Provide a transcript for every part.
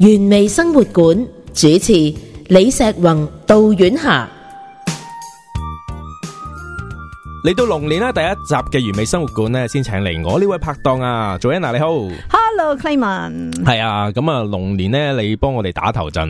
完美生活館主持李碩宏、杜婉霞，嚟到龍年啦！第一集嘅完美生活館咧，先請嚟我呢位拍檔啊，Joanna 你好，Hello，Clement，係啊，咁啊，龍年咧，你幫我哋打頭陣。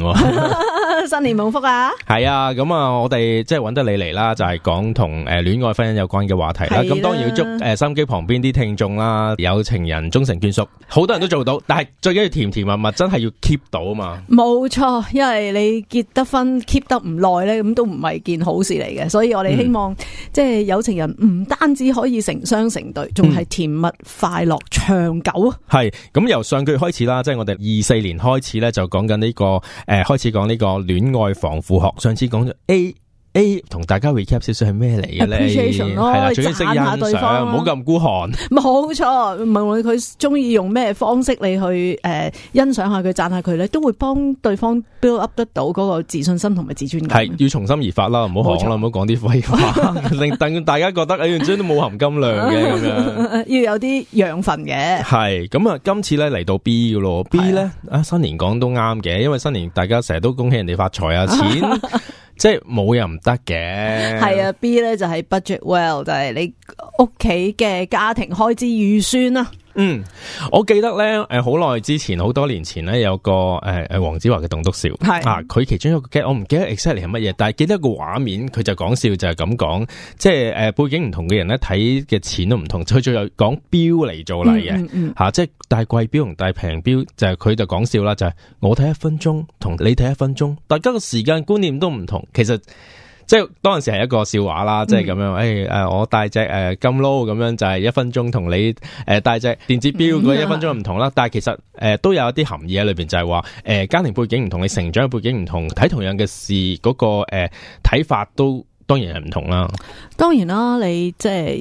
新年冇福啊！係啊，咁啊，我哋即係揾得你嚟啦，就係講同誒戀愛婚姻有關嘅話題啦。咁的當然要祝誒收音機旁邊啲聽眾啦，有情人終成眷屬，好多人都做到，呃、但係最緊要甜甜蜜蜜，真係要 keep 到啊嘛。冇錯，因為你結得婚 keep 得唔耐咧，咁都唔係件好事嚟嘅。所以我哋希望、嗯、即係有情人唔單止可以成雙成對，仲係甜蜜快樂長久啊。係咁、嗯，嗯、由上個月開始啦，即係我哋二四年開始咧、這個，就講緊呢個誒，開始講呢、這個。戀愛防護學，上次講咗 A。同大家 recap 少少係咩嚟嘅咧？係讚下對方，唔好咁孤寒。冇錯，問問佢中意用咩方式，你去誒欣賞下佢，讚下佢咧，都會幫對方 build up 得到嗰個自信心同埋自尊感。係要從心而發啦，唔好講啦，唔好講啲廢話，令大家覺得誒，完全都冇含金量嘅咁樣，要有啲養分嘅。係咁啊，今次咧嚟到 B 噶咯，B 咧啊，新年講都啱嘅，因為新年大家成日都恭喜人哋發財啊，錢。即係冇又唔得嘅，係啊，B 咧就係 budget well，就係你屋企嘅家庭開支預算啦，啊。嗯，我記得咧，誒，好耐之前，好多年前咧，有個誒誒，黃子華嘅棟篤笑係啊，佢其中一個我唔記得 exactly 係乜嘢，但係記得一個畫面，佢就講笑就係咁講，即係誒背景唔同嘅人咧睇嘅錢都唔同，佢最後講標嚟做例嘅，吓、嗯嗯嗯啊，即係大貴標同大平標，就係、是、佢就講笑啦，就係、是、我睇一分鐘同你睇一分鐘，大家嘅時間觀念都唔同，其實。即係當時係一個笑話啦，嗯、即係咁樣，誒、欸、誒，我戴隻誒金撈咁樣，就、呃、係一,一分鐘同你誒戴隻電子表嗰一分鐘唔同啦。嗯啊、但係其實誒、呃、都有一啲含義喺裏邊，就係話誒家庭背景唔同，你成長嘅背景唔同，睇同樣嘅事嗰、嗰個誒睇、呃、法都。當然係唔同啦，當然啦，你即係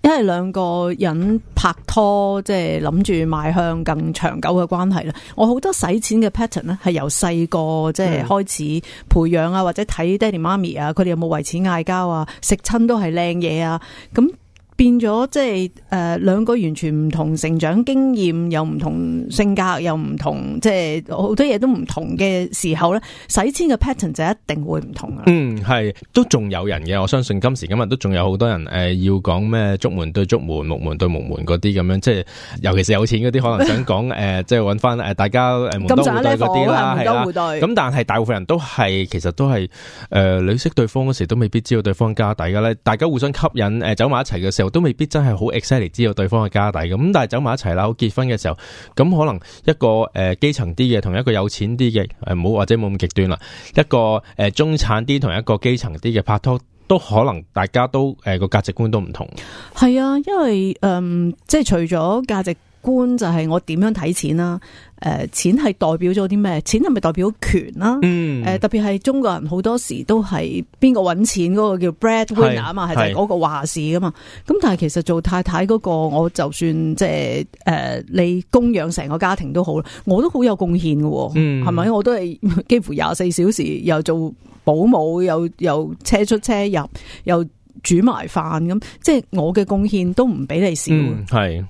因為兩個人拍拖，即係諗住邁向更長久嘅關係啦。我好多使錢嘅 pattern 咧，係由細個即係開始培養啊，或者睇爹哋媽咪啊，佢哋有冇為錢嗌交啊，食親都係靚嘢啊，咁。變咗即係誒，兩、呃、個完全唔同成長經驗，又唔同性格，又唔同，即係好多嘢都唔同嘅時候咧，使錢嘅 pattern 就一定會唔同啦。嗯，係，都仲有人嘅，我相信今時今日都仲有好多人誒、呃，要講咩竹門對竹門，木門對木門嗰啲咁樣，即係尤其是有錢嗰啲，可能想講誒、呃，即係揾翻誒，大家誒門當戶對嗰啲啦，係啦、 啊。咁、啊嗯啊、但係大部分人都係其實都係誒，你、呃、識對方嗰時都未必知道對方家底噶咧，大家互相吸引誒、呃呃呃，走埋一齊嘅時候。都未必真係好 exciting 知道對方嘅家底咁，但係走埋一齊啦，結婚嘅時候，咁可能一個誒、呃、基層啲嘅，同一個有錢啲嘅，誒唔好或者冇咁極端啦，一個誒、呃、中產啲同一個基層啲嘅拍拖，都可能大家都誒、呃、個價值觀都唔同。係啊，因為誒、嗯、即係除咗價值。般就係我點樣睇錢啦、啊？誒、呃，錢係代表咗啲咩？錢係咪代表權啦、啊？嗯，誒、呃，特別係中國人好多時都係邊個搵錢嗰個叫 breadwinner 啊嘛，係是就係嗰個話事噶嘛。咁但係其實做太太嗰、那個，我就算即係誒，你供養成個家庭都好啦，我都好有貢獻嘅。嗯，係咪？我都係幾乎廿四小時又做保姆，又又車出車入，又。煮埋飯咁，即係我嘅貢獻都唔比你少。嗯，係，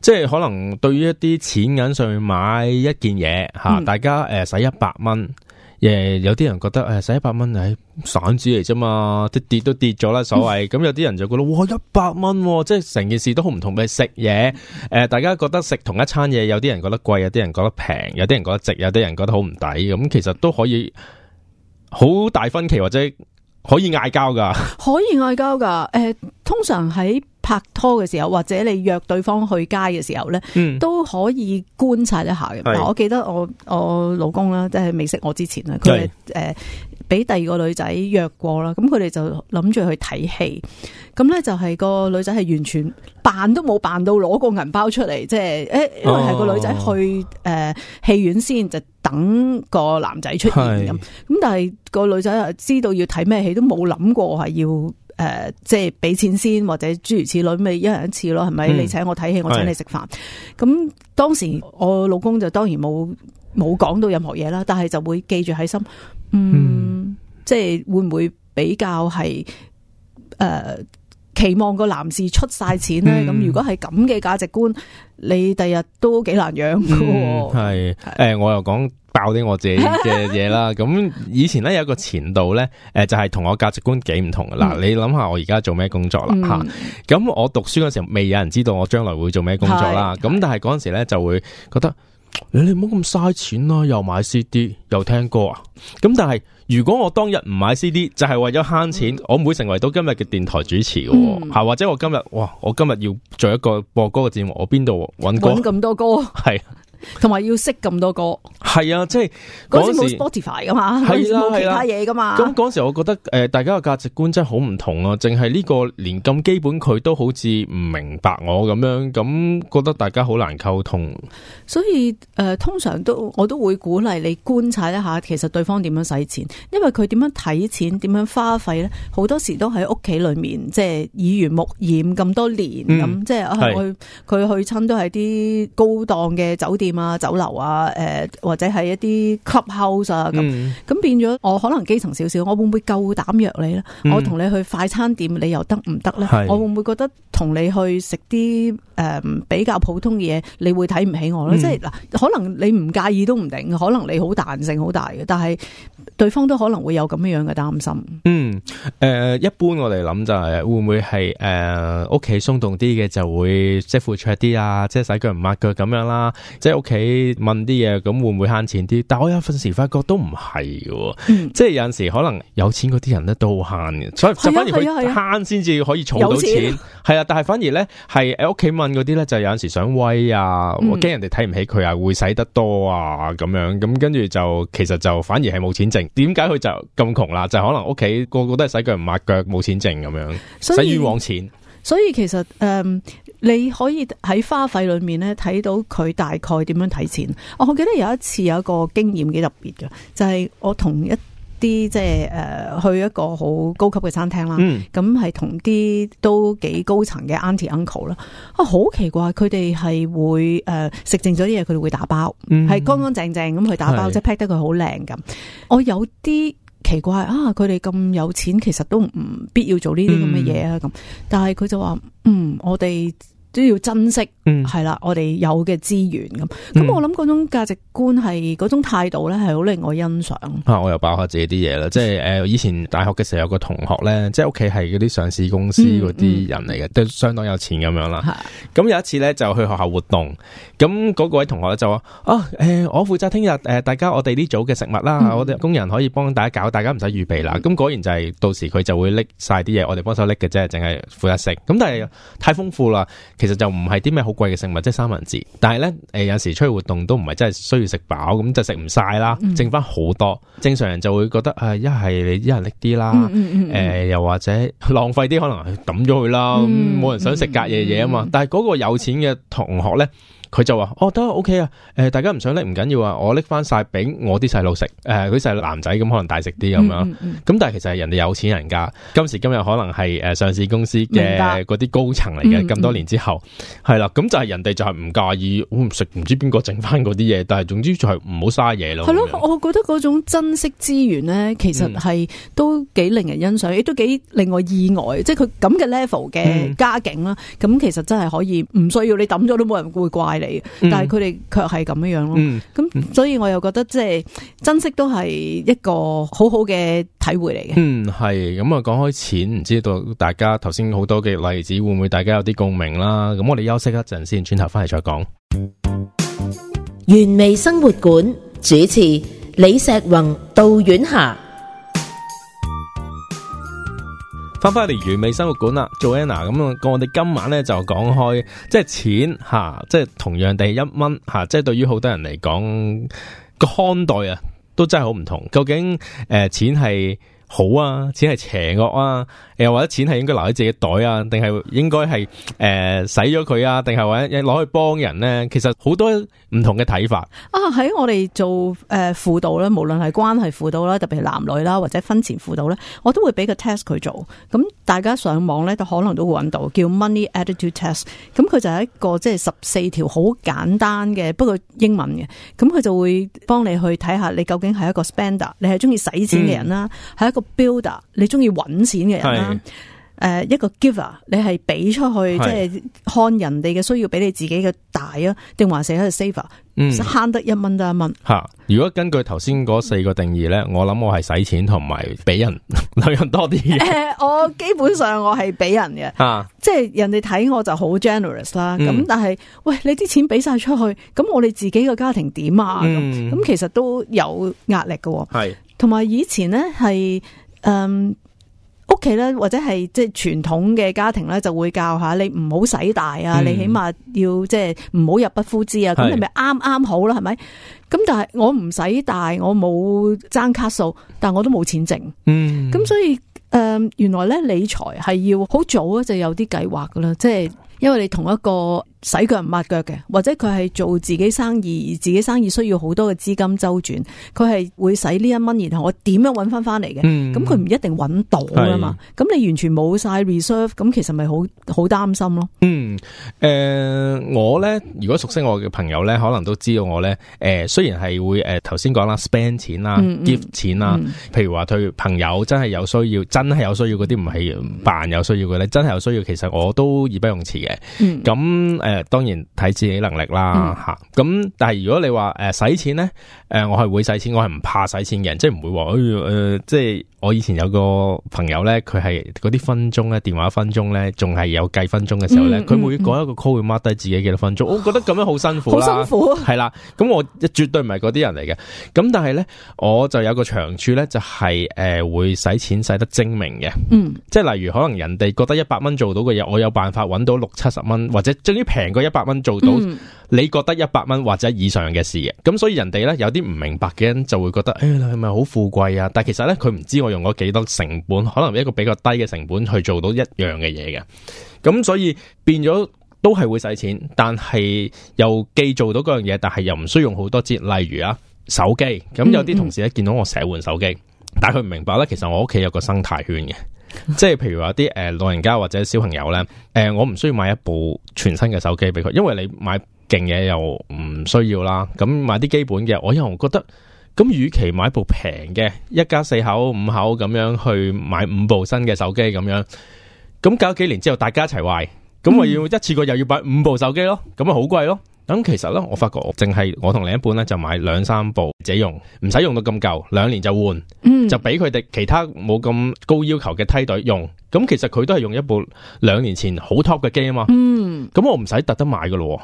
即係可能對於一啲錢銀上面買一件嘢吓，嗯、大家誒使一百蚊，誒、呃嗯、有啲人覺得誒使一百蚊係散紙嚟啫嘛，啲、呃、跌都跌咗啦，所謂咁、嗯、有啲人就覺得哇一百蚊，即係成件事都好唔同。咪食嘢，誒、呃、大家覺得食同一餐嘢，有啲人覺得貴，有啲人覺得平，有啲人覺得值，有啲人覺得好唔抵，咁其實都可以好大分歧或者。可以嗌交㗎，可以嗌交㗎。誒、呃，通常喺拍拖嘅時候，或者你約對方去街嘅時候咧，嗯，都可以觀察一下嘅。嗱，是的 我記得我我老公啦，即係未識我之前啦，佢係誒。是的 呃俾第二個女仔約過啦，咁佢哋就諗住去睇戲，咁咧就係個女仔係完全扮都冇扮到攞個銀包出嚟，即係誒、欸，因為係個女仔去誒、oh. 呃、戲院先，就等個男仔出現咁。咁、oh. 但係個女仔係知道要睇咩戲，都冇諗過係要誒、呃，即係俾錢先，或者諸如此類，咪一人一次咯，係咪？Mm. 你請我睇戲，我請你食飯。咁、mm. 當時我老公就當然冇冇講到任何嘢啦，但係就會記住喺心，嗯。Mm. 即係會唔會比較係誒、呃、期望個男士出晒錢咧？咁、嗯、如果係咁嘅價值觀，你第日都幾難養噶、哦嗯。係誒是、呃，我又講爆啲我自己嘅嘢啦。咁 以前咧有一個前度咧，誒就係同我價值觀幾唔同嗱。 你諗下我而家做咩工作啦吓？咁、嗯啊、我讀書嗰時候未有人知道我將來會做咩工作啦。咁是但係嗰陣時咧就會覺得的的你你唔好咁嘥錢啦、啊，又買 CD 又聽歌啊。咁但係。如果我當日唔買 CD，就係為咗慳錢，我唔會成為到今日嘅電台主持嘅，吓、嗯、或者我今日，哇！我今日要做一個播歌嘅節目，我邊度揾歌？咁多歌？係。同埋要識咁多歌，係啊，即係嗰時冇 Spotify 噶嘛，冇、啊、其他嘢噶嘛。咁嗰、啊啊、時我覺得，誒、呃，大家嘅價值觀真係好唔同啊！淨係呢個連咁基本，佢都好似唔明白我咁樣，咁覺得大家好難溝通。所以，誒、呃，通常都我都會鼓勵你觀察一下，其實對方點樣使錢，因為佢點樣睇錢，點樣花費咧，好多時都喺屋企裏面，即係耳濡目染咁多年咁，即係去佢去親都係啲高檔嘅酒店。嘛，酒樓啊，誒、呃，或者係一啲 club house 啊，咁咁、嗯、變咗，我可能基層少少，我會唔會夠膽約你咧？嗯、我同你去快餐店，你又得唔得咧？是、我會唔會覺得同你去食啲誒比較普通嘅嘢，你會睇唔起我咧？嗯、即係嗱，可能你唔介意都唔定，可能你好彈性好大嘅，但係。對方都可能會有咁樣樣嘅擔心。嗯，誒、呃，一般我哋諗就係會唔會係誒屋企鬆動啲嘅就會即係付出啲啊，即係洗腳唔抹腳咁樣啦，即係屋企問啲嘢，咁會唔會慳錢啲？但我有陣時發覺都唔係嘅，嗯、即係有陣時可能有錢嗰啲人咧都慳嘅，嗯、所以就反而慳先至可以儲到錢。係啊，啊啊但係反而咧係誒屋企問嗰啲咧就有陣時想威啊，我驚人哋睇唔起佢啊，會使得多啊咁、嗯、樣，咁跟住就其實就反而係冇錢。淨點解佢就咁窮啦？就是，可能屋企個個都係洗腳唔抹腳，冇錢剩咁樣，使冤枉錢。所以其實誒，um, 你可以喺花費裏面咧睇到佢大概點樣睇錢。我記得有一次有一個經驗幾特別嘅，就係，是，我同一。啲即係誒、呃、去一個好高級嘅餐廳啦，咁係同啲都幾高層嘅 Auntie Uncle 啦、嗯，啊好奇怪，佢哋係會誒食、呃、剩咗啲嘢，佢哋會打包，係、嗯、乾乾淨淨咁去打包，是即係 pack 得佢好靚咁。我有啲奇怪啊，佢哋咁有錢，其實都唔必要做呢啲咁嘅嘢啊咁。嗯、但係佢就話，嗯，我哋。都要珍惜、嗯，係啦，我哋有嘅資源咁，咁我諗嗰種價值觀係嗰種態度咧，係好令我欣賞。啊，我又爆下自己啲嘢啦，即係誒、呃，以前大學嘅時候有個同學咧，即係屋企係嗰啲上市公司嗰啲人嚟嘅，嗯嗯、都相當有錢咁樣啦。咁的有一次咧就去學校活動，咁、那、嗰、個、位同學就話啊，誒、呃，我負責聽日誒，大家我哋呢組嘅食物啦，嗯、我哋工人可以幫大家搞，大家唔使預備啦。咁、嗯嗯、果然就係到時佢就會拎晒啲嘢，我哋幫手拎嘅即啫，淨係負責食。咁但係太豐富啦。其實就唔係啲咩好貴嘅食物，即係三文治。但係呢，誒、呃，有時出去活動都唔係真係需要食飽，咁就食唔晒啦，剩翻好多。正常人就會覺得，誒、呃，一係你一人拎啲啦，誒、嗯嗯嗯嗯呃，又或者浪費啲，可能抌咗佢啦，冇，嗯嗯嗯嗯、人想食隔夜嘢啊嘛。但係嗰個有錢嘅同學呢。佢就話哦得 OK 啊，誒大家唔想拎唔緊要啊，我拎翻晒俾我啲細路食，誒佢細路男仔咁可能大食啲咁樣，咁、嗯嗯、但係其實係人哋有錢人家，今時今日可能係誒上市公司嘅嗰啲高層嚟嘅，咁、嗯嗯、多年之後係啦，咁、嗯嗯、就係人哋就係唔介意，唔食唔知邊個整翻嗰啲嘢，但係總之就係唔好嘥嘢咯。係咯、嗯，樣我覺得嗰種珍惜資源咧，其實係、嗯、都幾令人欣賞，亦都幾令我意外，即係佢咁嘅 level 嘅家境啦，咁、嗯嗯、其實真係可以唔需要你抌咗都冇人會怪,怪。嗯、但係佢哋卻係咁樣樣咯。咁、嗯嗯、所以我又覺得即係、就是、珍惜都係一個好好嘅體會嚟嘅、嗯。嗯，係咁啊！講開錢，唔知道大家頭先好多嘅例子，會唔會大家有啲共鳴啦？咁我哋休息一陣先，轉頭翻嚟再講。原味生活館主持李碩宏、杜婉霞。翻返嚟完美生活館啦，Joanna 咁，jo ana, 我哋今晚咧就講開，即係錢吓、啊，即係同樣地一蚊吓、啊，即係對於好多人嚟講個看待啊，都真係好唔同。究竟誒、呃，錢係？好啊，錢係邪惡啊？又或者錢係應該留喺自己袋啊？定係應該係誒使咗佢啊？定係或者攞去幫人咧？其實好多唔同嘅睇法啊！喺我哋做誒輔導咧，無論係關係輔導啦，特別係男女啦，或者婚前輔導咧，我都會俾個 test 佢做。咁大家上網咧都可能都會揾到叫 Money Attitude Test。咁佢就係一個即係十四條好簡單嘅，不過英文嘅。咁佢就會幫你去睇下你究竟係一個 spender，你係中意使錢嘅人啦，係、嗯、一個。builder，你中意搵錢嘅人啦、啊，誒是、呃，一個 giver，你係俾出去，是即係看人哋嘅需要比你自己嘅大啊，定還是喺度 saver，慳得一蚊得一蚊。吓，如果根據頭先嗰四個定義咧，我諗我係使錢同埋俾人，俾 人多啲。嘢。我基本上我係俾人嘅，即係、啊、人哋睇我就好 generous 啦、嗯。咁但係，喂，你啲錢俾晒出去，咁我哋自己嘅家庭點啊？咁、嗯，咁其實都有壓力㗎。係。同埋以前咧，係誒屋企咧，或者係即係傳統嘅家庭咧，就會教下，嗯，你唔好使大啊，你起碼要即係唔好入不敷支啊，咁你咪啱啱好啦，係咪？咁但係我唔使大，我冇爭卡數，但係我都冇錢剩，嗯，咁所以誒，嗯，原來咧理財係要好早就有啲計劃噶啦，即係因為你同一個。洗腳唔抹腳嘅，或者佢係做自己生意，而自己生意需要好多嘅資金周轉，佢係會使呢一蚊，然後我點樣搵翻翻嚟嘅？咁佢唔一定搵到啊嘛，咁是你完全冇晒 reserve，咁其實咪好好擔心咯。嗯，誒、呃，我咧如果熟悉我嘅朋友咧，可能都知道我咧，誒、呃，雖然係會誒頭先講啦，spend 錢啦，give 錢啦，譬如話對朋友真係有需要，真係有需要嗰啲唔係扮有需要嘅咧，真係有需要，其實我都義不容辭嘅。咁、嗯。嗯誒、呃，當然睇自己能力啦，吓咁、嗯啊。但係如果你話誒使錢咧，誒、呃、我係會使錢，我係唔怕使錢嘅人，即係唔會話誒誒、哎呃呃、即係。我以前有個朋友咧，佢係嗰啲分鐘咧，電話分鐘咧，仲係有計分鐘嘅時候咧，佢、嗯嗯、每講一個 call 會 mark 低自己幾多分鐘，嗯嗯、我覺得咁樣好辛苦好、哦、辛苦、啊，係啦，咁我絕對唔係嗰啲人嚟嘅。咁但係咧，我就有個長處咧，就係、是、誒、呃、會使錢使得精明嘅，嗯，即係例如可能人哋覺得一百蚊做到嘅嘢，我有辦法搵到六七十蚊，或者仲要平過一百蚊做到。嗯你覺得一百蚊或者以上嘅事嘅，咁所以人哋呢，有啲唔明白嘅人就會覺得，誒、哎，你係咪好富貴啊？但其實呢，佢唔知我用咗幾多成本，可能一個比較低嘅成本去做到一樣嘅嘢嘅，咁所以變咗都係會使錢，但係又既做到嗰樣嘢，但係又唔需要用好多支，例如啊手機，咁有啲同事咧見到我成日換手機，但係佢唔明白呢。其實我屋企有個生態圈嘅，即係譬如話啲誒老人家或者小朋友呢，誒、呃、我唔需要買一部全新嘅手機俾佢，因為你買。勁嘅又唔需要啦，咁買啲基本嘅。我又覺得咁，與其買部平嘅，一家四口、五口咁樣去買五部新嘅手機咁樣，咁搞幾年之後大家一齊壞，咁我要一次過又要買五部手機咯，咁啊好貴咯。咁其實咧，我發覺淨係我同另一半咧就買兩三部，自用唔使用到咁舊，兩年就換，嗯、就俾佢哋其他冇咁高要求嘅梯隊用。咁其實佢都係用一部兩年前好 top 嘅機啊，嘛，咁我唔使特登買噶咯。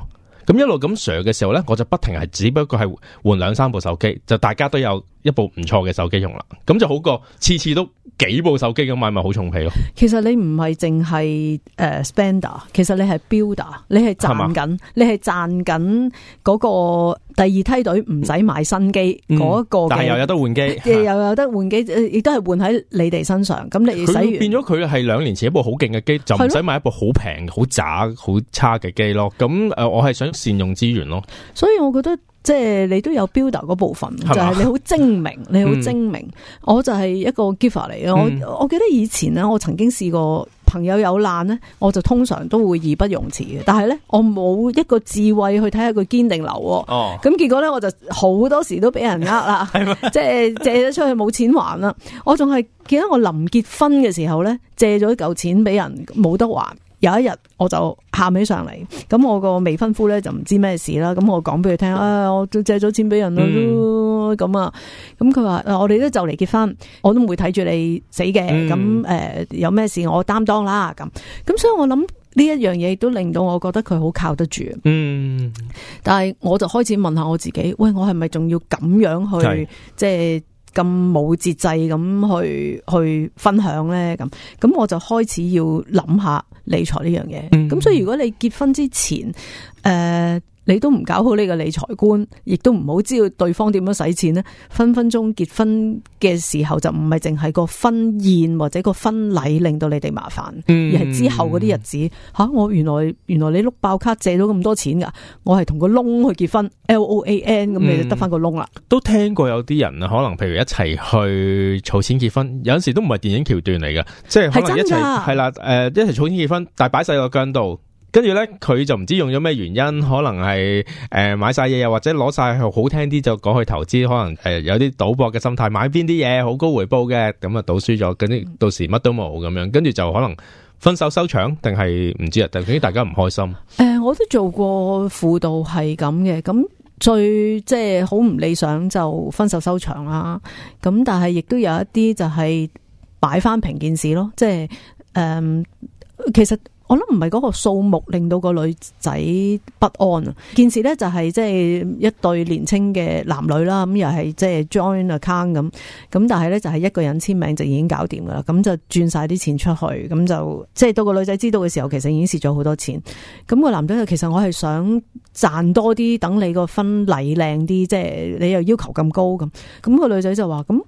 咁一路咁 SIR 嘅時候咧，我就不停係只不過係換兩三部手機，就大家都有。一部唔錯嘅手機用啦，咁就好過次次都幾部手機咁買咪好重皮咯。其實你唔係淨係誒、uh, spender，其實你係 builder，你係賺緊，嗎你係賺緊嗰個第二梯隊唔使買新機嗰一個。但係又有得換機，又有得換機，亦是都係換喺你哋身上。咁你使變咗，佢係兩年前一部好勁嘅機，就唔使買一部好平、好渣、好差嘅機咯。咁誒、呃，我係想善用資源咯。所以我覺得。即係你都有 builder 嗰部分，就係、是、你好精明，吧你好精明。嗯、我就係一個 giver 嚟，嗯、我我記得以前咧，我曾經試過朋友有難咧，我就通常都會義不容辭嘅。但係咧，我冇一個智慧去睇下佢堅定流，咁、哦、結果咧，我就好多時都俾人呃啦， 即係借咗出去冇錢還啦。我仲係記得我臨結婚嘅時候咧，借咗嚿錢俾人冇得還。有一日我就喊起上嚟，咁我個未婚夫咧就唔知咩事啦，咁我講俾佢聽，啊、嗯哎，我借咗錢俾人咯，咁、嗯、啊，咁佢話，誒，我哋咧就嚟結婚，我都唔會睇住你死嘅，咁誒、嗯呃，有咩事我擔當啦，咁，咁所以我諗呢一樣嘢都令到我覺得佢好靠得住，嗯，但係我就開始問下我自己，喂，我係咪仲要咁樣去，是即係？咁冇節制咁去去分享呢。咁咁我就開始要諗下理財呢樣嘢。咁、嗯嗯、所以如果你結婚之前，誒、呃。你都唔搞好呢個理財觀，亦都唔好知道對方點樣使錢咧。分分鐘結婚嘅時候就唔係淨係個婚宴或者個婚禮令到你哋麻煩，嗯、而係之後嗰啲日子吓，啊，我原來原來你碌爆卡借咗咁多錢噶，我係同個窿去結婚，loan 咁、嗯、你就得返個窿啦。都聽過有啲人啊，可能譬如一齊去儲錢結婚，有陣時都唔係電影橋段嚟噶，即係可能一齊係啦，誒、呃、一齊儲錢結婚，但係擺晒個姜度。跟住呢，佢就唔知用咗咩原因，可能係誒、呃、買晒嘢，又或者攞晒好聽啲就講去投資，可能誒有啲賭博嘅心態，買邊啲嘢好高回報嘅，咁啊賭輸咗，跟住到時乜都冇咁樣，跟住就可能分手收場，定係唔知啊，但總之大家唔開心。誒、呃，我都做過輔導係咁嘅，咁最即係好唔理想就分手收場啦，啊。咁但係亦都有一啲就係擺翻平件事咯，即係誒、呃、其實。我諗唔係嗰個數目令到個女仔不安，件事咧，就係即係一對年青嘅男女啦，咁又係即係 join account 咁，咁但係咧，就係一個人簽名就已經搞掂噶啦，咁就轉晒啲錢出去，咁就即係到個女仔知道嘅時候，其實已經蝕咗好多錢。咁個男仔就其實我係想賺多啲，等你個婚禮靚啲，即係你又要求咁高咁，咁個女仔就話咁。嗯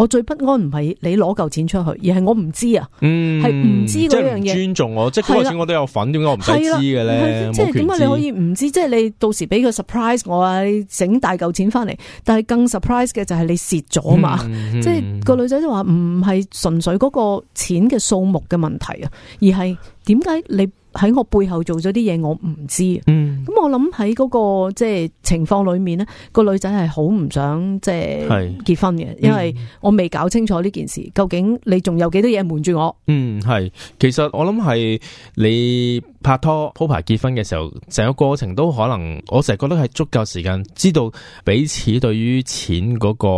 我最不安唔係你攞嚿錢出去，而係我唔知啊，係唔、嗯、知嗰樣嘢。尊重我，即係嗰嚿錢我都有份，點解的我唔使知嘅咧？即係點解你可以唔知？即係你到時俾個 surprise 我啊！你整大嚿錢翻嚟，但係更 surprise 嘅就係你蝕咗嘛？嗯嗯、即係個女仔都話唔係純粹嗰個錢嘅數目嘅問題啊，而係點解你？喺我背後做咗啲嘢，我唔知。嗯，咁我諗喺嗰個即係情況裏面咧，個女仔係好唔想即係是結婚嘅，因為我未搞清楚呢件事，究竟你仲有幾多嘢瞞住我？嗯，係，其實我諗係你拍拖、鋪排結婚嘅時候，成個過程都可能，我成日覺得係足夠時間，知道彼此對於錢嗰個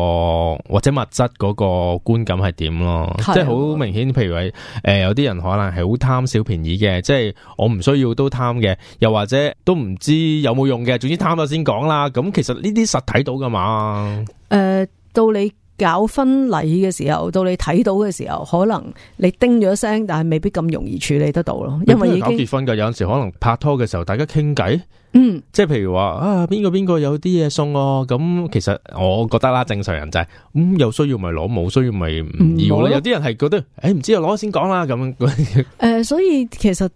或者物質嗰個觀感係點咯，即係好明顯。譬的如話誒、呃，有啲人可能係好貪小便宜嘅，即係。我唔需要都貪嘅，又或者都唔知有冇用嘅。總之貪咗先講啦。咁其實呢啲實睇到噶嘛？誒、呃，到你搞婚禮嘅時候，到你睇到嘅時候，可能你叮咗聲，但係未必咁容易處理得到咯。因為搞結婚嘅，有陣時可能拍拖嘅時候，大家傾偈，嗯，即係譬如話啊，邊個邊個有啲嘢送我，啊，咁。其實我覺得啦，正常人就係、是、咁、嗯，有需要咪攞，冇需要咪唔要咯。有啲人係覺得誒，唔、欸，知又攞先講啦咁樣。誒、呃，所以其實。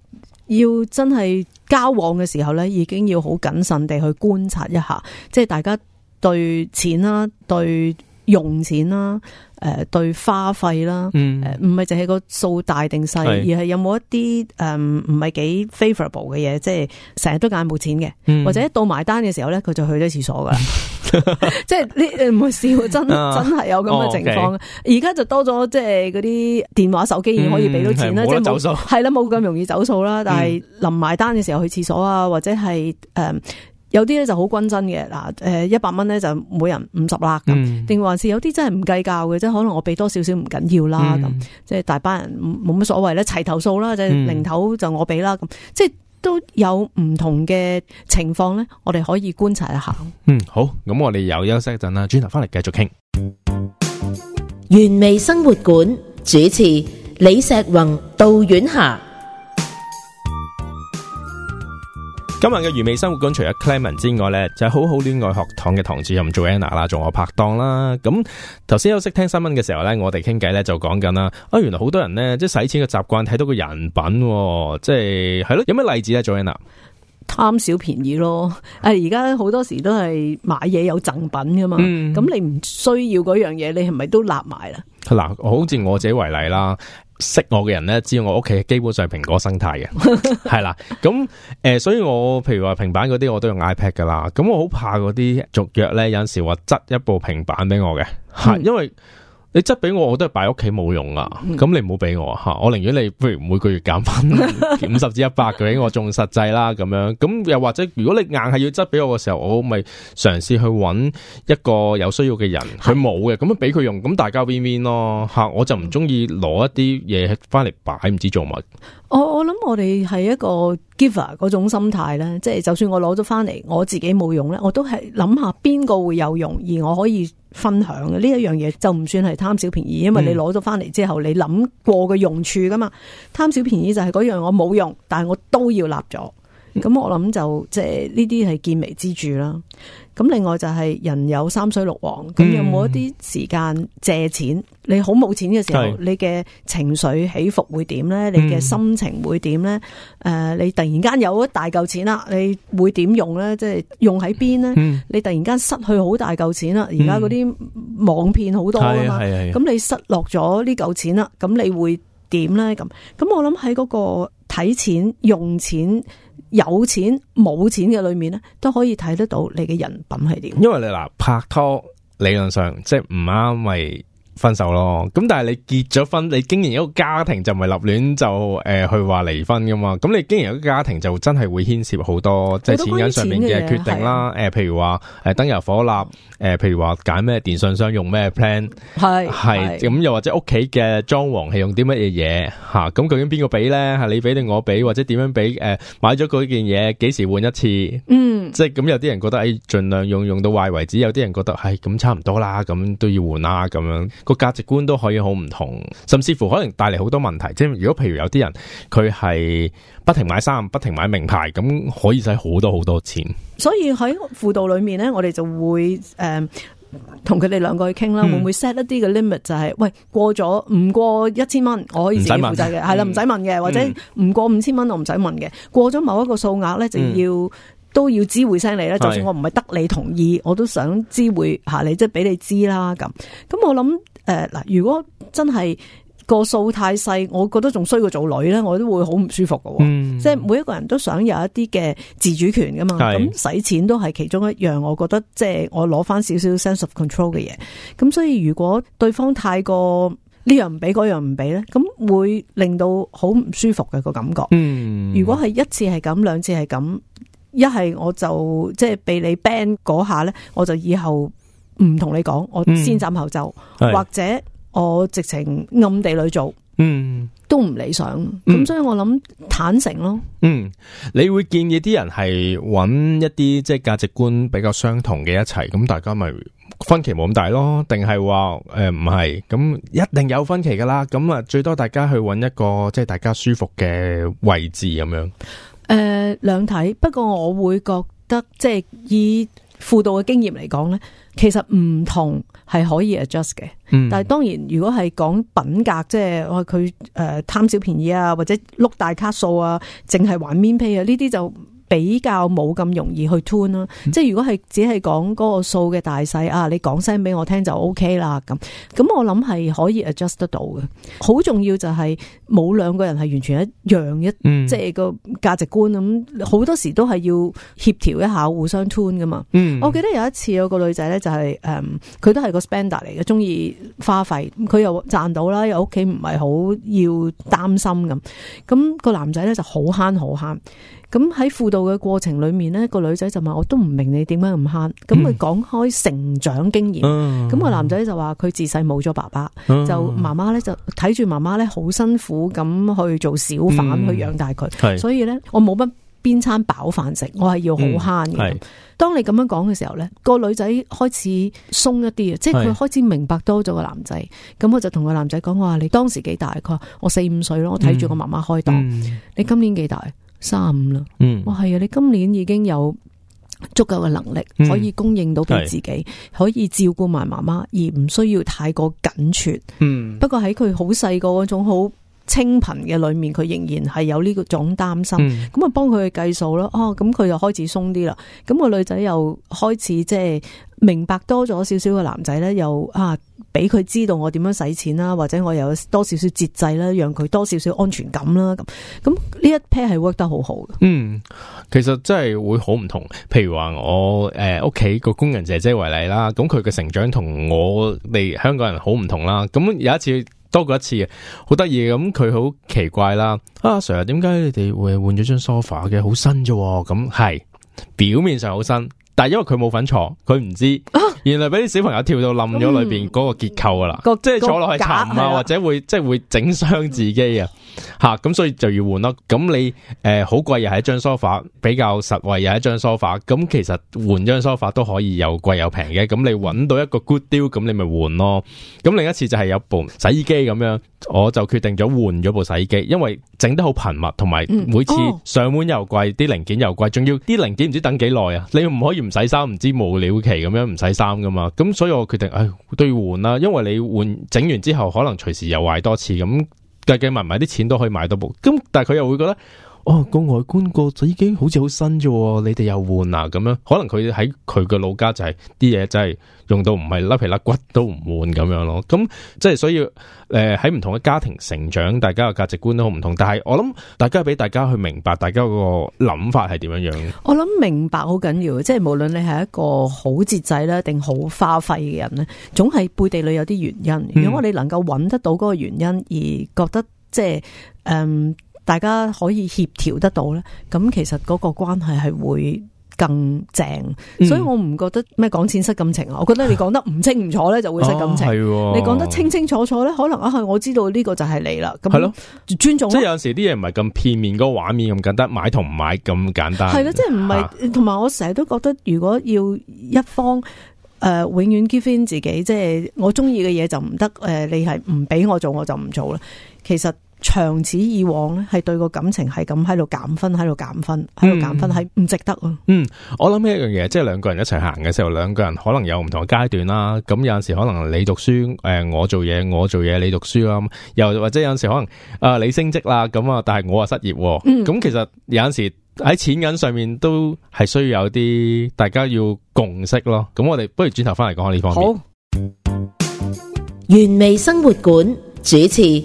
要真係交往嘅時候呢，已經要好謹慎地去觀察一下，即係大家對錢啦，對用錢啦。誒、呃，對花費啦，誒、呃，唔係淨係個數大定細，嗯、而係有冇一啲誒唔、呃、唔係幾 favorable 嘅嘢，即係成日都間冇錢嘅，或者一到埋單嘅時候咧，佢就去咗廁所噶啦，即係你唔會笑真真係有咁嘅情況。而家就多咗即係嗰啲電話手機已可以俾到錢啦，即係走數係啦，冇咁容易走數啦。但係臨埋單嘅時候去廁所啊，或者係誒。有啲咧就好均真嘅，嗱、呃，誒一百蚊咧就每人五十啦，咁定、嗯、還是有啲真係唔計較嘅，即係可能我俾多少少唔緊要啦，咁、嗯、即係大班人冇乜所謂咧，齊頭數啦，嗯、即係零頭就我俾啦,咁即係都有唔同嘅情況咧，我哋可以觀察一下。嗯，好，咁我哋又休息一陣啦，轉頭翻嚟繼續傾。原味生活館主持李碩宏、杜婉霞。今日嘅愚味生活館，除咗 Clement 之外咧，就係、是、好好戀愛學堂嘅唐主任 Joanna 啦，仲我拍檔啦。咁頭先休息聽新聞嘅時候咧，我哋傾偈咧就講緊啦。啊，原來好多人咧，即係使錢嘅習慣睇到個人品，即係係咯。有咩例子咧，Joanna？貪小便宜咯。誒，而家好多時都係買嘢有贈品噶嘛。咁、嗯、你唔需要嗰樣嘢，你係咪都立埋啦？嗱、啊，好似我自己為例啦。識我嘅人咧，知道我屋企基本上係蘋果生態嘅，係啦。 咁誒、呃，所以我譬如話平板嗰啲，我都用 iPad 㗎喇。咁我好怕嗰啲續約咧，有陣時話執一部平板俾我嘅，係、嗯、因為。你執俾我，我都係擺屋企冇用啊！咁、嗯、你唔好俾我吓，我寧願你不如每個月減翻五十至一百嘅俾我仲實際啦咁樣。咁又或者如果你硬係要執俾我嘅時候，我咪嘗試去揾一個有需要嘅人，佢冇嘅咁啊俾佢用，咁大家邊邊咯吓，我就唔中意攞一啲嘢翻嚟擺，唔知做乜。我我諗我哋係一個 giver 嗰種心態咧，即係就算我攞咗翻嚟，我自己冇用咧，我都係諗下邊個會有用而我可以分享嘅呢一樣嘢，就唔算係貪小便宜，因為你攞咗翻嚟之後，你諗過嘅用處噶嘛，貪小便宜就係嗰樣我冇用，但係我都要立咗。咁、嗯、我諗就即係呢啲係見微知著啦。咁另外就係人有三衰六旺，咁有冇一啲時間借錢？嗯、你好冇錢嘅時候，對你嘅情緒起伏會點咧？嗯、你嘅心情會點咧？誒、呃，你突然間有一大嚿錢啦，你會點用咧？即、就、係、是、用喺邊咧？嗯、你突然間失去好大嚿錢啦，而家嗰啲網騙好多噶嘛，咁你失落咗呢嚿錢啦，咁你會點咧？咁咁我諗喺嗰個睇錢用錢。有錢冇錢嘅裏面咧，都可以睇得到你嘅人品係點。因為你嗱拍拖，理論上即係唔啱為，就是分手咯，咁但係你結咗婚，你經營一個家庭就唔係立亂就誒去話離婚㗎嘛？咁你經營一個家庭就真係會牽涉好多即係錢銀上面嘅決定啦。誒，譬如話誒燈油火蠟，誒譬如話揀咩電信商用咩 plan，係係咁又或者屋企嘅裝潢係用啲乜嘢嘢吓？咁、啊、究竟邊個俾呢？係你俾定我俾，或者點樣俾？誒、呃，買咗嗰件嘢幾時換一次？嗯，即係咁有啲人覺得誒盡、哎、量用用到壞為止，有啲人覺得係咁、哎哎、差唔多啦，咁都要換啦。換啊」咁樣。個價值觀都可以好唔同，甚至乎可能帶嚟好多問題。即係如果譬如有啲人佢係不停買衫、不停買名牌，咁可以使好多好多錢。所以喺輔導裏面咧，我哋就會誒同佢哋兩個去傾啦。嗯、會唔會 set 一啲嘅 limit 就係、是，喂，過咗唔過一千蚊，我可以自己負責嘅，係啦，唔、嗯、使問嘅。或者唔過五千蚊，我唔使問嘅。過咗某一個數額咧，就要、嗯、都要知會聲你啦。的就算我唔係得你同意，我都想知會吓你，即係俾你知啦。咁咁我諗。誒，嗱、呃，如果真係個數太細，我覺得仲衰過做女咧，我都會好唔舒服噶喎。嗯，即係每一個人都想有一啲嘅自主權噶嘛。咁使錢都係其中一樣，我覺得即係我攞翻少少 sense of control 嘅嘢。咁所以如果對方太過呢樣唔俾嗰樣唔俾咧，咁會令到好唔舒服嘅個感覺。嗯，如果係一次係咁，兩次係咁，一係我就即係被你 ban 嗰下咧，我就以後。唔同你講，我先斬後奏，嗯、或者我直情暗地裏做，嗯，都唔理想。咁、嗯、所以我諗坦誠咯。嗯，你會建議啲人係揾一啲即係價值觀比較相同嘅一齊，咁大家咪分歧冇咁大咯？定係話誒唔係？咁、呃、一定有分歧噶啦。咁啊，最多大家去揾一個即係大家舒服嘅位置咁樣。誒、呃，兩睇。不過我會覺得即係以。輔導嘅經驗嚟講咧，其實唔同係可以 adjust 嘅，嗯、但係當然如果係講品格，即係佢誒貪小便宜啊，或者碌大卡數啊，淨係玩面皮啊，呢啲就比較冇咁容易去 tune 啦，即係如果係只係講嗰個數嘅大細啊，你講聲俾我聽就 OK 啦咁。咁我諗係可以 adjust 得到嘅。好重要就係冇兩個人係完全一樣一，嗯、即係個價值觀咁。好多時都係要協調一下互相 tune 噶嘛。嗯、我記得有一次有一個女仔咧，就係、是、誒，佢、嗯、都係個 spender 嚟嘅，中意花費，佢又賺到啦，又屋企唔係好要擔心咁。咁、個男仔咧就好慳好慳。咁喺輔導嘅過程裏面，呢個女仔就話：我都唔明你點解咁慳。咁佢講開成長經驗，咁、嗯、個男仔就話：佢自細冇咗爸爸，就媽媽咧就睇住媽媽咧好辛苦咁去做小販去養大佢。所以咧，我冇乜邊餐飽飯食，我係要好慳嘅。當你咁樣講嘅時候咧，個女仔開始鬆一啲啊，即係佢開始明白多咗個男仔。咁我就同個男仔講：我話你當時幾大？佢話我，我四五歲咯。我睇住個媽媽開檔。嗯嗯、你今年幾大？三五啦，嗯、哇，係啊！你今年已經有足夠嘅能力，嗯、可以供應到俾自己，是可以照顧埋媽媽，而唔需要太過緊絀。嗯，不過喺佢好細個嗰種好清貧嘅裏面，佢仍然係有呢個種擔心。咁啊、嗯，幫佢計數咯。哦，咁佢又開始鬆啲啦。咁、那個女仔又開始即係明白多咗少少嘅男仔咧，又啊。俾佢知道我點樣使錢啦，或者我有多少少節制啦，讓佢多少少安全感啦。咁咁呢一 pair 係 work 得好好嘅。嗯，其實真係會好唔同。譬如話我誒屋企個工人姐姐為例啦，咁佢嘅成長同我哋香港人好唔同啦。咁有一次多過一次好得意嘅。咁佢好奇怪啦，啊 Sir，點解你哋會換咗張 sofa 嘅？好新啫，咁係表面上好新，但係因為佢冇份坐，佢唔知。啊原來俾啲小朋友跳到冧咗裏邊嗰個結構噶啦，嗯、即係坐落去沉啊，嗯、或者會、嗯、即係會整傷自己、嗯、啊，嚇咁所以就要換咯。咁你誒好、呃、貴又係一張梳化，比較實惠又係一張梳化。咁其實換張梳化都可以又貴又平嘅。咁你揾到一個 good deal，咁你咪換咯。咁另一次就係有部洗衣機咁樣，我就決定咗換咗部洗衣機，因為整得好頻密，同埋每次上門又貴，啲零件又貴，仲要啲零件唔知等幾耐啊！你唔可以唔洗衫，唔知無了期咁樣唔洗衫。咁、嗯、所以我決定，唉，都要換啦、啊。因為你換整完之後，可能隨時又壞多次咁，計計埋埋啲錢都可以買到部。咁、嗯、但係佢又會覺得。哦，個外觀個已經好似好新啫，你哋又換啊？咁樣可能佢喺佢嘅老家就係啲嘢，就係用到唔係甩皮甩骨都唔換咁樣咯。咁即係所以，誒喺唔同嘅家庭成長，大家嘅價值觀都好唔同。但係我諗，大家俾大家去明白，大家嗰個諗法係點樣樣。我諗明白好緊要即係無論你係一個好節制咧，定好花費嘅人咧，總係背地裏有啲原因。如果我哋能夠揾得到嗰個原因，而覺得、嗯、即係，嗯。大家可以協調得到咧，咁其實嗰個關係係會更正，嗯、所以我唔覺得咩講錢失感情啊，我覺得你講得唔清唔楚咧就會失感情，啊、你講得清清楚楚咧，可能啊，係、我知道呢個就係你啦，咁係咯，的尊重。即係有時啲嘢唔係咁片面，個畫面咁簡單，買同唔買咁簡單，係咯，即係唔係，同埋、啊、我成日都覺得，如果要一方誒、呃、永遠 give in 自己，即、就、係、是、我中意嘅嘢就唔得，誒、呃、你係唔俾我做我就唔做啦，其實。長此以往咧，係對個感情係咁喺度減分，喺度減分，喺度減分，係唔、嗯、值得啊！嗯，我諗呢一樣嘢，即係兩個人一齊行嘅時候，兩個人可能有唔同嘅階段啦。咁有陣時可能你讀書，誒我做嘢，我做嘢，你讀書啊，又或者有陣時可能啊、呃、你升職啦，咁啊但係我啊失業。嗯，咁其實有陣時喺錢銀上面都係需要有啲大家要共識咯。咁我哋不如轉頭翻嚟講下呢方面。好，完美生活館主持。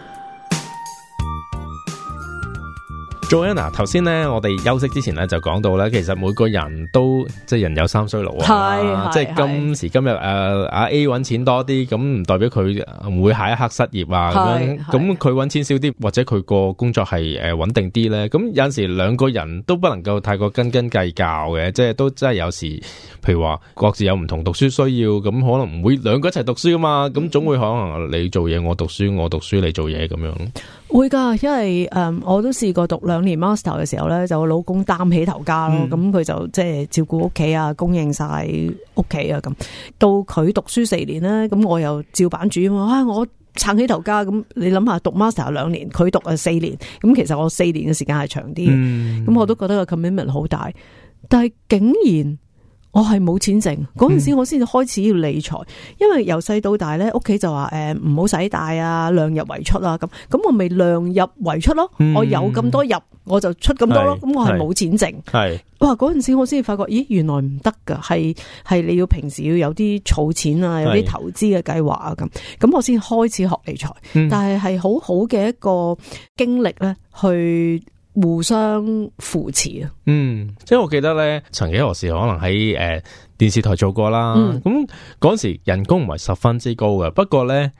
做啊！嗱，頭先咧，我哋休息之前咧就講到咧，其實每個人都即係人有三衰六啊，即係今時今日誒，阿、呃、A 揾錢多啲，咁唔代表佢唔會下一刻失業啊咁樣。咁佢揾錢少啲，或者佢個工作係誒穩定啲咧，咁有陣時兩個人都不能夠太過斤斤計較嘅，即係都真係有時，譬如話各自有唔同讀書需要，咁可能唔會兩個一齊讀書噶嘛，咁總會可能你做嘢，我讀書，我讀書，你做嘢咁樣。會㗎，因為誒，um, 我都試過讀兩年 master 嘅時候咧，就我老公擔起頭家咯，咁佢、嗯嗯、就即係照顧屋企啊，供應晒屋企啊，咁到佢讀書四年咧，咁我又照版主啊、哎，我撐起頭家，咁、嗯、你諗下讀 master 兩年，佢讀啊四年，咁其實我四年嘅時間係長啲，咁、嗯嗯、我都覺得個 commitment 好大，但係竟然。我係冇錢剩，嗰陣時我先至開始要理財，因為由細到大咧，屋企就話誒唔好使大啊，量入為出啊咁，咁我咪量入為出咯，嗯、我有咁多入我就出咁多咯，咁是我係冇錢剩，係哇嗰陣時我先至發覺，咦原來唔得噶，係係你要平時要有啲儲錢啊，有啲投資嘅計劃啊咁，咁我先開始學理財，但係係好好嘅一個經歷咧去。互相扶持啊！嗯，即係我記得咧，曾幾何時可能喺誒、呃、電視台做過啦？咁嗰、嗯嗯、時人工唔係十分之高嘅，不過咧。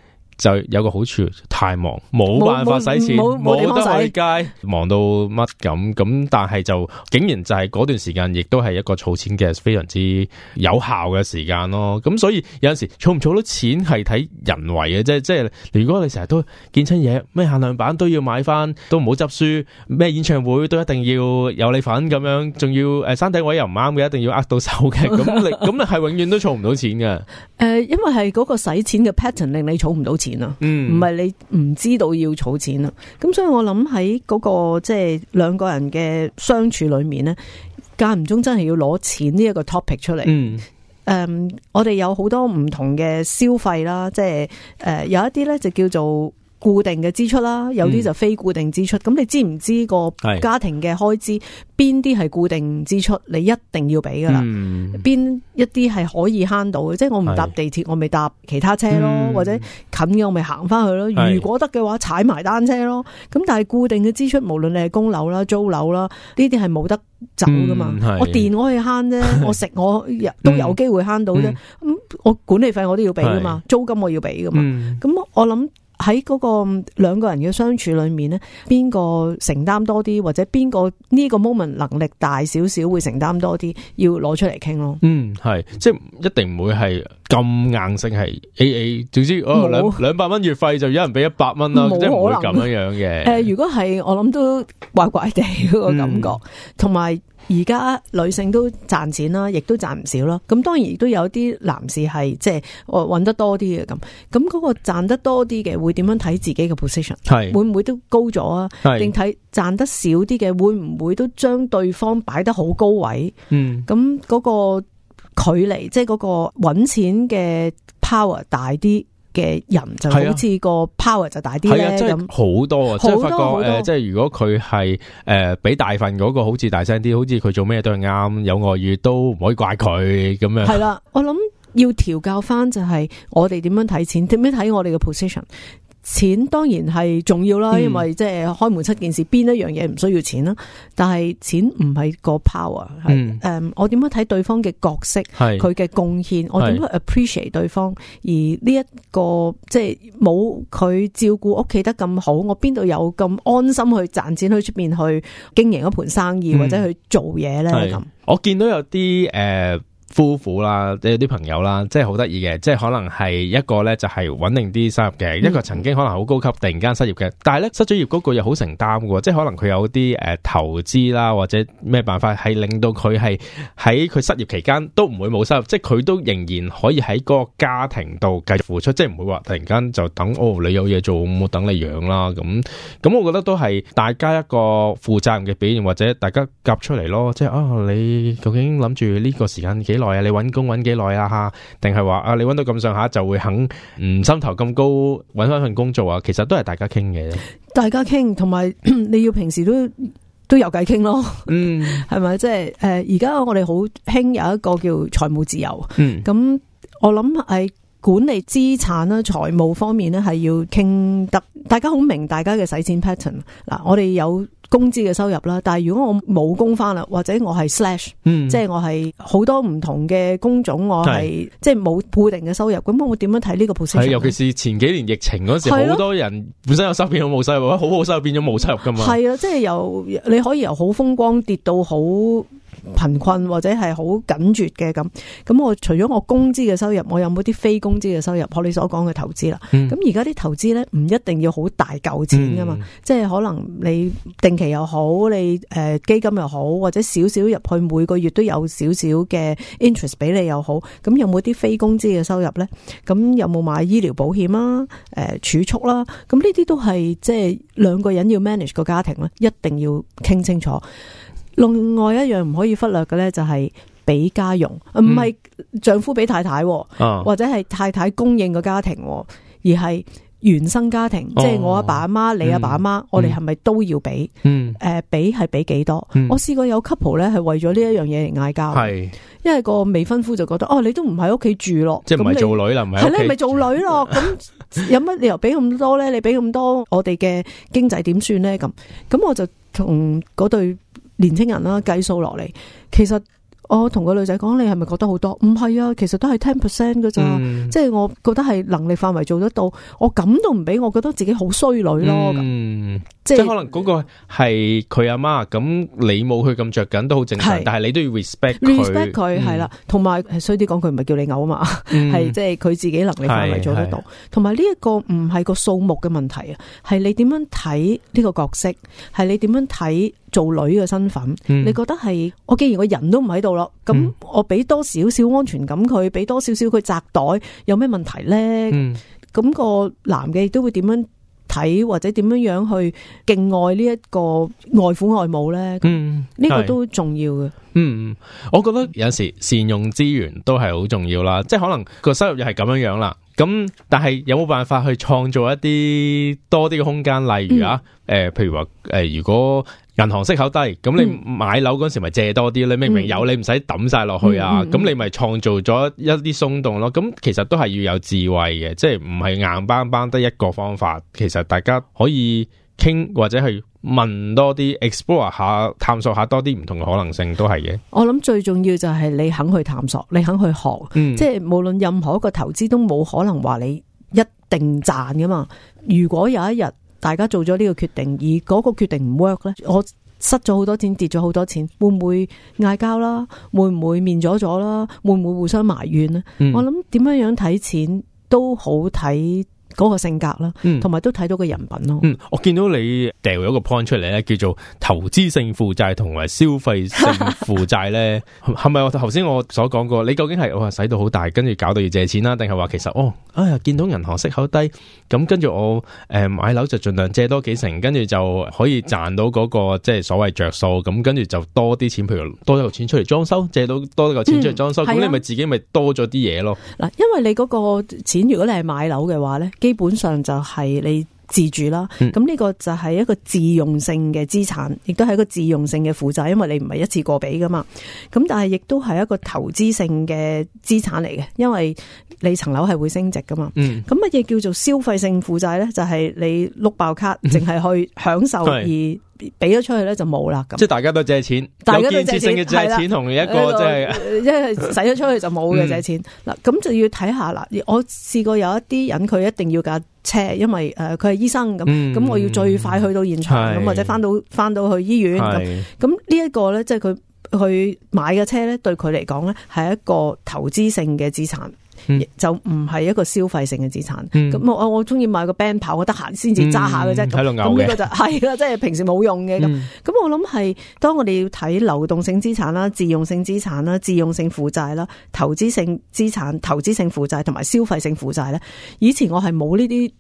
就有個好處，太忙冇辦法使錢，冇得喺街 忙到乜咁咁，但係就竟然就係嗰段時間，亦都係一個儲錢嘅非常之有效嘅時間咯。咁所以有陣時儲唔儲到錢係睇人為嘅，啫。即係如果你成日都見親嘢，咩限量版都要買翻，都唔好執輸，咩演唱會都一定要有你份咁樣，仲要誒、呃、山頂位又唔啱嘅，一定要握到手嘅，咁你咁係 永遠都儲唔到錢嘅。誒、呃，因為係嗰個使錢嘅 pattern 令你儲唔到錢。嗯，唔係你唔知道要儲錢啦，咁所以我諗喺嗰個即係兩個人嘅相處裏面咧，間唔中真係要攞錢呢一個 topic 出嚟。嗯，誒，我哋有好多唔同嘅消費啦，即係誒，有一啲咧就叫做。固定嘅支出啦，有啲就非固定支出。咁你知唔知個家庭嘅開支邊啲係固定支出？你一定要俾噶啦，邊一啲係可以慳到嘅？即係我唔搭地鐵，我咪搭其他車咯，或者近嘅我咪行翻去咯。如果得嘅話，踩埋單車咯。咁但係固定嘅支出，無論你係供樓啦、租樓啦，呢啲係冇得走噶嘛。我電我可以慳啫，我食我都有機會慳到啫。咁我管理費我都要俾噶嘛，租金我要俾噶嘛。咁我諗。喺嗰個兩個人嘅相處裏面咧，邊個承擔多啲，或者邊個呢個 moment 能力大少少會承擔多啲，要攞出嚟傾咯。嗯，係，即係一定唔會係咁硬性係 AA。總之，我兩兩百蚊月費就有人俾一百蚊啦，即係唔會咁樣樣嘅。誒、呃，如果係，我諗都怪怪地嗰個感覺，同埋、嗯。而家女性都賺錢啦，亦都賺唔少啦。咁當然亦都有啲男士係即係揾得多啲嘅咁。咁嗰個賺得多啲嘅會點樣睇自己嘅 position？係是會唔會都高咗啊？定睇是賺得少啲嘅會唔會都將對方擺得好高位？嗯，咁嗰個距離即係嗰個揾錢嘅 power 大啲。嘅人、啊、就好似個 power 就大啲咧咁，好多啊！即係發覺誒，即係如果佢係誒俾大份嗰個，好似大聲啲，好似佢做咩都係啱，有外遇都唔可以怪佢咁樣。係啦，我諗要調教翻就係我哋點樣睇錢，點樣睇我哋嘅 position。錢當然係重要啦，因為即係開門七件事，邊一樣嘢唔需要錢啦。但係錢唔係個 power，係誒、嗯，um, 我點樣睇對方嘅角色，係佢嘅貢獻，我點樣 appreciate 對方？是而呢、這、一個即係冇佢照顧屋企得咁好，我邊度有咁安心去賺錢去出邊去經營一盤生意、嗯、或者去做嘢咧？咁是樣我見到有啲誒。Uh 夫婦啦，即有啲朋友啦，即係好得意嘅，即係可能係一個呢，就係穩定啲收入嘅，一個曾經可能好高級，突然間失業嘅，但係呢，失咗業嗰個又好承擔嘅，即係可能佢有啲誒投資啦，或者咩辦法係令到佢係喺佢失業期間都唔會冇收入，即係佢都仍然可以喺嗰個家庭度繼續付出，即係唔會話突然間就等哦你有嘢做，我等你養啦咁，咁我覺得都係大家一個負責任嘅表現或者大家夾出嚟咯，即係啊你究竟諗住呢個時間幾？耐啊，啊！你揾工揾幾耐啊？吓？定係話啊？你揾到咁上下就會肯唔心頭咁高揾翻份工做啊？其實都係大家傾嘅，大家傾同埋你要平時都都有偈傾咯。嗯，係咪？即係誒，而、呃、家我哋好興有一個叫財務自由。嗯，咁我諗喺管理資產啦、財務方面咧，係要傾得大家好明，大家嘅使錢 pattern。嗱，我哋有。工資嘅收入啦，但係如果我冇工返啦，或者我係 slash、嗯、即係我係好多唔同嘅工種，我係是即係冇固定嘅收入，咁的我會點樣睇呢個 percent？係尤其是前幾年疫情嗰時，好的多人本身有收入變咗冇收入，好好收入變咗冇收入噶嘛？係啊，即係由你可以由好風光跌到好。貧困或者係好緊缺嘅咁，咁我除咗我工資嘅收入，我有冇啲非工資嘅收入？學你所講嘅投資啦，咁而家啲投資呢，唔一定要好大嚿錢噶嘛，嗯、即係可能你定期又好，你誒、呃、基金又好，或者少少入去每個月都有少少嘅 interest 俾你又好，咁有冇啲非工資嘅收入呢？咁有冇買醫療保險啦、啊？誒、呃、儲蓄啦、啊，咁呢啲都係即係兩個人要 manage 個家庭咧，一定要傾清楚。另外一樣唔可以忽略嘅咧，就係俾家用，唔係丈夫俾太太，或者係太太供應個家庭，而係原生家庭，哦、即係我阿爸阿媽、你阿爸阿媽，嗯、我哋係咪都要俾？誒、嗯，俾係俾幾多？嗯、我試過有 couple 咧，係為咗呢一樣嘢嚟嗌交，係因為個未婚夫就覺得，哦，你都唔喺屋企住咯，即係唔係做女啦？唔係你，係咧，唔係的做女咯？咁 有乜理由俾咁多咧？你俾咁多，我哋嘅經濟點算咧？咁咁，我就同嗰對，對，對。年輕人啦，計數落嚟，其實我同個女仔講，你係咪覺得好多？唔係啊，其實都係 ten percent 噶咋，即係我覺得係能力範圍做得到，我咁都唔俾，我覺得自己好衰女咯。即係可能嗰個係佢阿媽，咁你冇佢咁着緊都好正常，但係你都要 respect 佢，respect 佢係啦，同埋衰啲講，佢唔係叫你嘔啊嘛，係即係佢自己能力範圍做得到，同埋呢一個唔係個數目嘅問題啊，係你點樣睇呢個角色，係你點樣睇？做女嘅身份，你覺得係我既然個人都唔喺度咯，咁我俾多少少安全感佢，俾多少少佢紮袋，有咩問題呢？咁個男嘅亦都會點樣睇，或者點樣樣去敬愛呢一個外父外母呢？呢個都重要嘅。嗯，我覺得有時善用資源都係好重要啦。即係可能個收入又係咁樣樣啦。咁但係有冇辦法去創造一啲多啲嘅空間？例如啊，誒，譬如話誒，如果銀行息口低，咁你買樓嗰時咪借多啲，你明明有、嗯、你唔使抌晒落去啊，咁、嗯嗯、你咪創造咗一啲鬆動咯。咁其實都係要有智慧嘅，即係唔係硬邦邦得一個方法。其實大家可以傾或者係問多啲，explore 下探索下多啲唔同嘅可能性都係嘅。我諗最重要就係你肯去探索，你肯去學，嗯、即係無論任何一個投資都冇可能話你一定賺噶嘛。如果有一日。大家做咗呢個決定，而嗰個決定唔 work 咧，我失咗好多錢，跌咗好多錢，會唔會嗌交啦？會唔會面咗咗啦？會唔會互相埋怨咧？嗯、我諗點樣樣睇錢都好睇。嗰個性格啦，同埋都睇到個人品咯、嗯。我見到你掉咗個 point 出嚟咧，叫做投資性負債同埋消費性負債咧，係咪 我頭先我所講過？你究竟係我使到好大，跟住搞到要借錢啦，定係話其實哦，哎呀見到銀行息口低，咁跟住我誒、呃、買樓就盡量借多幾成，跟住就可以賺到嗰、那個即係所謂着數，咁跟住就多啲錢譬如多嚿錢出嚟裝修，借到多嚿錢出嚟裝修，咁、嗯啊、你咪自己咪多咗啲嘢咯？嗱，因為你嗰個錢，如果你係買樓嘅話咧。基本上就係你。自住啦，咁呢個就係一個自用性嘅資產，亦都係一個自用性嘅負債，因為你唔係一次過俾噶嘛。咁但係亦都係一個投資性嘅資產嚟嘅，因為你層樓係會升值噶嘛。咁乜嘢叫做消費性負債咧？就係你碌爆卡，淨係去享受而俾咗出去咧就冇啦。即係大家都借錢，大家都借錢，借錢同一個即係，即係使咗出去就冇嘅借錢。嗱，咁就要睇下啦。我試過有一啲人佢一定要架。車，因為誒佢係醫生咁，咁、嗯、我要最快去到現場，咁是或者翻到翻到去醫院咁，咁呢一是、這個咧，即係佢去買嘅車咧，對佢嚟講咧，係一個投資性嘅資產。 就唔係一個消費性嘅資產，咁我我中意買個 band 跑，我得閒先至揸下嘅啫。咁呢個就係、是、啦，即係 平時冇用嘅。咁咁、嗯、我諗係，當我哋要睇流動性資產啦、自用性資產啦、自用性負債啦、投資性資產、投資性負債同埋消費性負債咧。以前我係冇呢啲。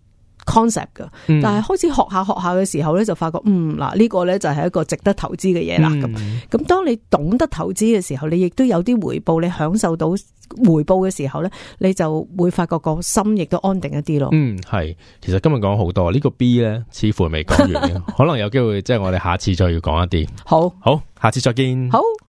Concept 噶、嗯，但係開始學下學下嘅時候咧，就發覺嗯嗱呢、這個咧就係一個值得投資嘅嘢啦。咁咁、嗯、當你懂得投資嘅時候，你亦都有啲回報，你享受到回報嘅時候咧，你就會發覺個心亦都安定一啲咯。嗯，係，其實今日講好多呢、這個 B 咧，似乎未講完， 可能有機會即係、就是、我哋下次再要講一啲。好，好，下次再見。好。